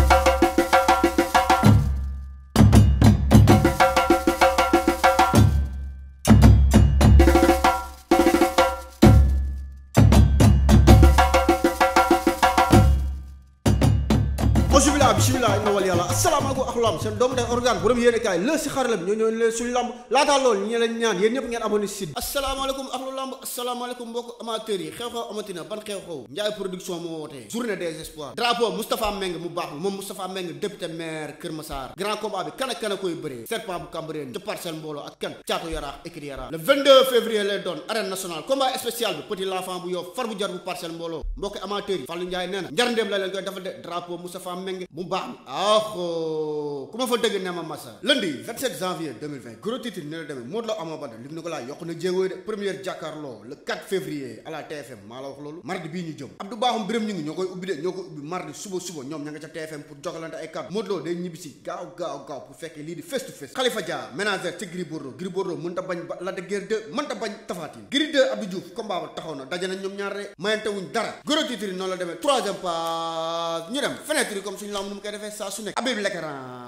thank you voilà bisimilah inna wal yàlla asalaamaaleykum ak lamb seen doomu day organe borom yéen kaay si xarala bi ñoo ñoo leen suñu lamb laataa loolu ñu leen ñaan yéen ñëpp ngeen abonné si site asalaamaaleykum ak lu lamb asalaamaaleykum mbokk amateurs yi xew-xew amatina ban xew-xew Ndiaye production moo wootee journée des drapeau Moustapha Meng mu baax moom Moustapha Meng député maire Kër Massar grand combat bi kan a koy bëree serpent bu bu yow mu baax mi ah oh. ku ma fa dégg ne ma massa lundi 27 janvier 2020 gros titre la demee Modou Lo Ama Baldé Luc Nicolaï yokk na jéegooy de première jàkkaarloo le 4 février à TFM maa la wax loolu mardi bii ñu jëm Abdou Bakhoum Birame ñu ngi ñoo koy ubbi de ñoo koy ubbi mardi suba suba ñoom ña ca TFM pour jokalante ay kàddu Modou Lo day ñibbisi gaaw gaaw gaaw pour fekkee lii di face to face Khalifa Dia ménagère ci Gris Bordeaux Gris Bordeaux mënta nu mu koy defee saa su nekk Habib Lecran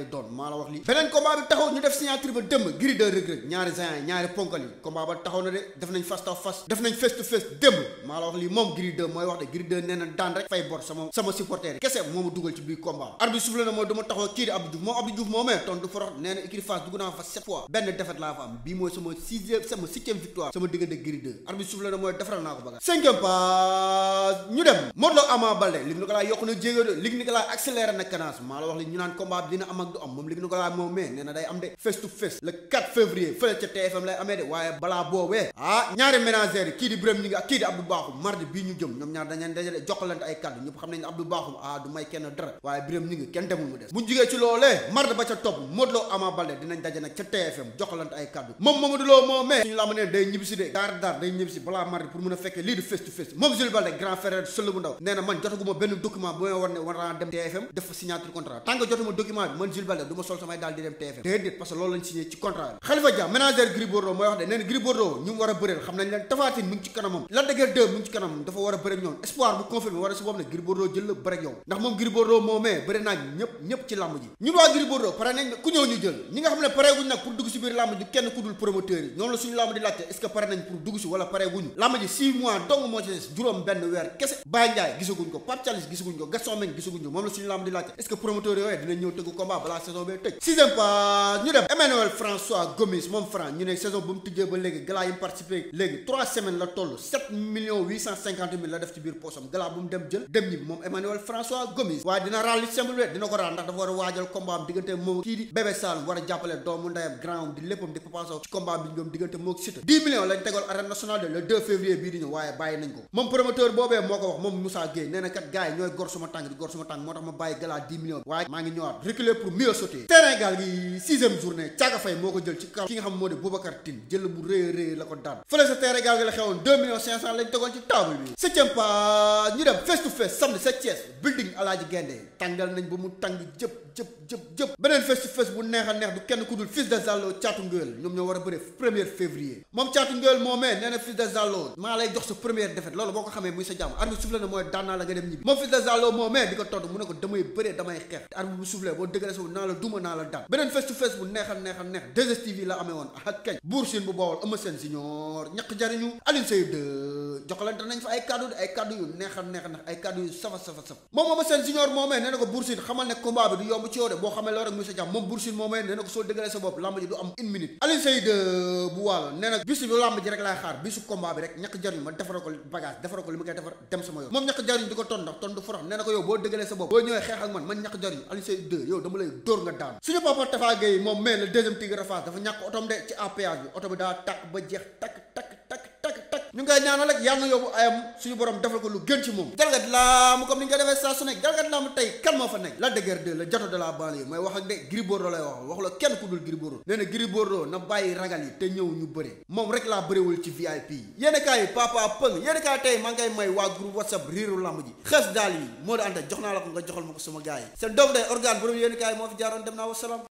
lay doon maa la wax lii beneen combat bi taxaw ñu def signature ba dëmb Gris 2 Reug ñaari géants ñaari ponkal yi ba taxaw na de def nañ face to def nañ dugal ci biir combat arbitre soufflé na mooy du ma taxaw kii moom Abdou moomee toon du forox nee na écurie naa fa sept fois benn défaite laa fa am bii mooy sama sixième sama septième victoire sama diggante Gris 2 arbitre soufflé na mooy defaral naa ko baga cinquième pas du am moom Ligue Nicolas na day am de face ah ah du may moom Mamadou Lo moo mais suñu day ñibbi de daar daar day ñibbi balaa mardi pour mën a fekkee lii di face to face moom Jules Baldé grand frère sël bu ndaw nee man jotaguma benn document bu may war ne war dem TFM def signature contrat tant jotuma document bi Jules sol samay daal di dem TFM déedéet parce que loolu lañ signé ci contrat bi Khalifa Dia manager Gris Bordeaux wax ne nee na ñu war a bëreel xam nañ leen Tapha Tine ci kanamam Lac de Guiers 2 ci kanamam dafa war a bëre ak ñoom espoir bu confirmé war si boom ne Gris jël la yow ndax moom Gris Bordeaux moomee bëri naa ñëpp ñëpp ci làmb ji ñun waa Gris pare nañ ku ñëw ñu jël ñi nga xam ne pare guñ nag pour dugg si biir làmb ji la saison ñu dem Emmanuel François Gomis moom Franc ñu ne saison bu mu tijjee ba léegi galaa yi mu participé léegi trois semaines la toll sept millions huit cent cinquante mille la def ci biir poosam galaa bu mu dem jël dem ñibbi moom Emmanuel François Gomis waaye dina raal li simple we dina ko raal ndax dafa war waajal combat diggante moom kii di Bébé Saloum war jàppale doomu ndeyam grandam di léppam di Papa ci combat bi ñoom mieux gi sixième journée Thiaga Faye moo ko jël ci kaw ki nga xam moo di Boubacar Tine jël bu rëy rëy la ko daan fële sa terrain gi la xewoon deux millions cinq cent lañ tegoon ci table bi septième pas ñu dem face to face samedi sa Thiès building Alaaji Gaynde tàngal nañ ba mu tàng jëpp jëpp jëpp beneen face to face bu neex a neex du kenn ku dul de Zallo Thiatou Nguel ñoom ñoo war a bëre premier moom Thiatou Nguel moomee nee na fils de naa la duma naa la daan beneen face to face bu neexal neexal neex 2STV la amee woon ak kañ buur bu boowal ëma seen junior ñaq jariñu Alioune Seye 2 ne combat bi du yomb ci yow de yow dama lay jël dóor nga daan suñu papa Tafa Gueye moom mais le deuxième Tigre Fass dafa ñàkk otom de ci APH bi oto bi daa tàkk ba jeex tàkk ñu ngay ñaanal rek yàlla na yóbbu ayam suñu borom defal ko lu gën ci moom jalgat laa mu comme ni ñu defee saa su nekk jalgat laa mu tey kan moo fa nekk la dëgër de la jato de la banlieue mooy wax ak de Gris lay wax la kenn ku dul Gris Bordeaux nee na Gris Bordeaux na bàyyi ragal yi te ñëw ñu bëre moom rek laa bëréwul ci VIP yi yéen kaay papa pëng yéen kaay tey maa ngay may waa groupe whatsapp riiru lamb ji xees daal yi moo di ante jox naa la ko nga joxal ma sama gars yi seen doom day organe borom yéen kaay